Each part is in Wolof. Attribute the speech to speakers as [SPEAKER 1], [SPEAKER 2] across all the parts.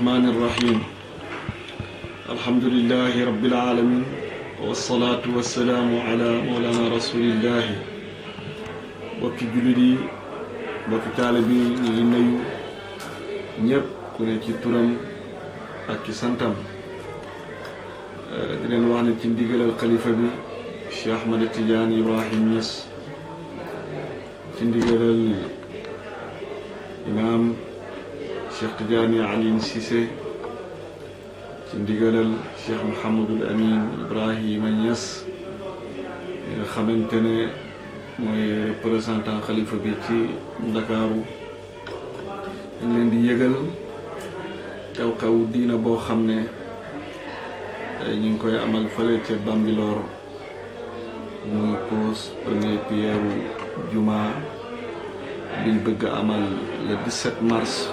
[SPEAKER 1] الرحمن الرحيم الحمد لله رب العالمين والصلاة والسلام على مولانا رسول الله bokki jullit yi bokki taalibe yi ñu ngi nuyu ñëpp ku ne ci turam ak ci santam di leen wax ne ci ndigalal xalifa bi Cheikh Ahmed Tidiane Ibrahim Niass ci ndigalal imaam Cheikh Tidiane Alioune Cissé ci ndigalal Cheikh Mouhamadul Amin Ibrahima Niass mi nga xamante ne mooy représentant xalifa bi ci Ndakaaru dañ leen di yëgal xew-xew diina boo xam ne tey ñu ngi koy amal fële ca Bambilor muy pose première pierre jumaa biñ bëgg amal le 17 mars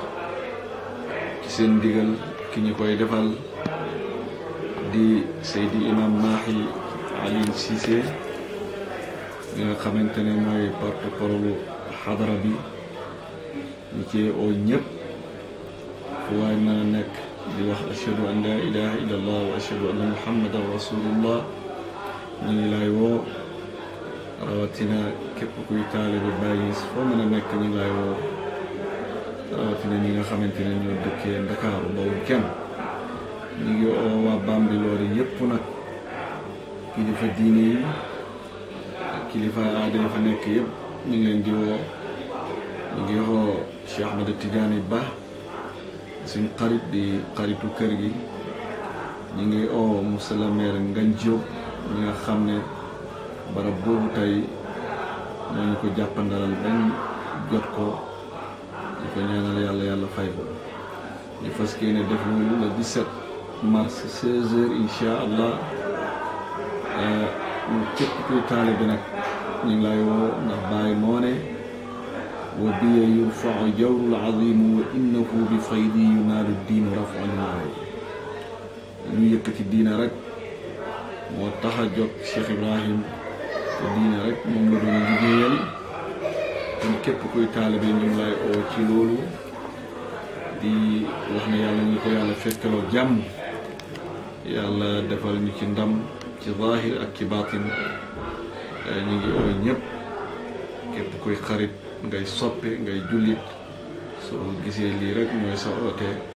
[SPEAKER 1] seen ndigal ki ñu koy defal di Seydi Imam Mahi Alioune Cissé mi nga xamante ne mooy porte xadara bi ñu cee oo ñëpp fu waay mën nekk di wax ashhadu an laa ilaha illa allah wa ashhadu anna muhammadan rasulullah ñu ngi woo rawatina képp kuy taalibe bàyyis foo mën nekk ñu ngi woo rawatina ñi nga xamante ñoo dëkkee Ndakaaru bawul kenn ñu ngi oo waa Bambilor yi yëpp nag kilifa diine yi kilifa aada fa nekk yëpp ñu leen di ñu ngi woo Cheikh Ahmada Tidiane Ba suñ xarit di xaritu kër gi ñu ngi oo monsieur le maire Ngagne nga xam ne barab boobu tey moo ñu ko jàppandalal benn jot ko di ko ñaanal yàlla yàlla fay ko ñu fas yéene def loolu le 17 mars 16h incha allah euh, ñu képp kuy taalibe nag ñu ngi lay woo ndax Baay moo ne wa biya yurfau jawrul azimu wa innahu bi faydi yunaalu diinu rafan maari ñu yëkkati diina rek moo tax a jóg Cheikh Ibrahim képp kuy taalibe ñu ngi lay ci loolu di wax ne yàlla ñu ko yàlla fekkaloo jàmm yàlla defar ñu ci ndam ci zaahir ak ci baatin eh, ñu ngi oo ñëpp képp kuy xarit ngay soppe ngay jullit soo gisee lii rekk mooy sa oote